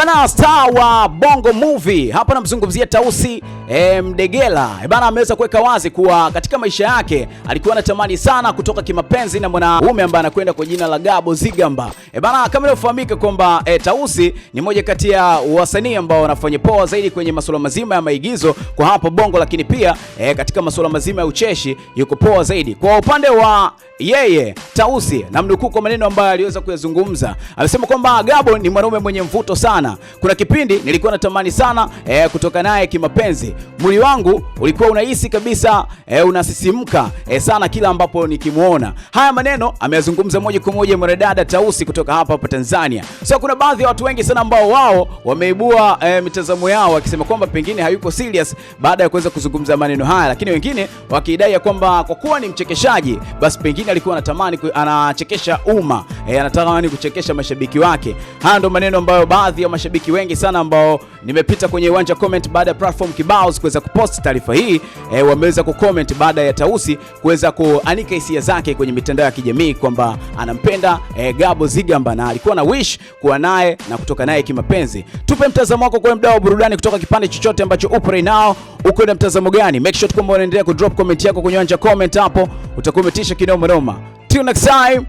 Ebana, star wa Bongo Movie hapa namzungumzia Tausi e, Mdegela ebana, ameweza kuweka wazi kuwa katika maisha yake alikuwa anatamani sana kutoka kimapenzi na mwanaume ambaye anakwenda kwa jina la Gabo Zigamba ebana, kama ilivyofahamika kwamba e, Tausi ni moja kati ya wasanii ambao wanafanya poa zaidi kwenye masuala mazima ya maigizo kwa hapa Bongo, lakini pia e, katika masuala mazima ya ucheshi yuko poa zaidi. Kwa upande wa yeye Tausi, namnukuu kwa maneno ambayo aliweza kuyazungumza, amesema kwamba Gabo ni mwanaume mwenye mvuto sana sana. Kuna kipindi nilikuwa natamani sana e, kutoka naye kimapenzi. Mwili wangu ulikuwa unahisi kabisa e, unasisimka e, sana kila ambapo nikimuona. Haya maneno ameyazungumza moja kwa moja mwanadada Tausi kutoka hapa hapa Tanzania. So kuna baadhi ya watu wengi sana ambao wao wameibua e, mitazamo yao wakisema kwamba pengine hayuko serious baada ya kuweza kuzungumza maneno haya, lakini wengine wakidai ya kwamba kwa kuwa ni mchekeshaji basi pengine alikuwa anatamani anachekesha umma e, anatamani kuchekesha mashabiki wake. Haya ndo maneno ambayo baadhi ya mashabiki wengi sana ambao nimepita kwenye uwanja comment baada ya platform kibao kuweza kupost taarifa hii e, wameweza kucomment baada ya Tausi kuweza kuanika hisia zake kwenye mitandao ya kijamii kwamba anampenda e, Gabo Zigamba na alikuwa na wish kuwa naye na kutoka naye kimapenzi. Tupe mtazamo wako kwa mdau wa burudani kutoka kipande chochote ambacho upo right now, uko na mtazamo gani? Make sure kwamba unaendelea ku drop comment yako kwenye uwanja comment hapo, utakuwa umetisha kinoma noma. Till next time,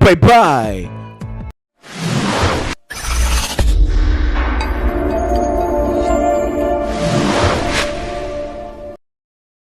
bye bye.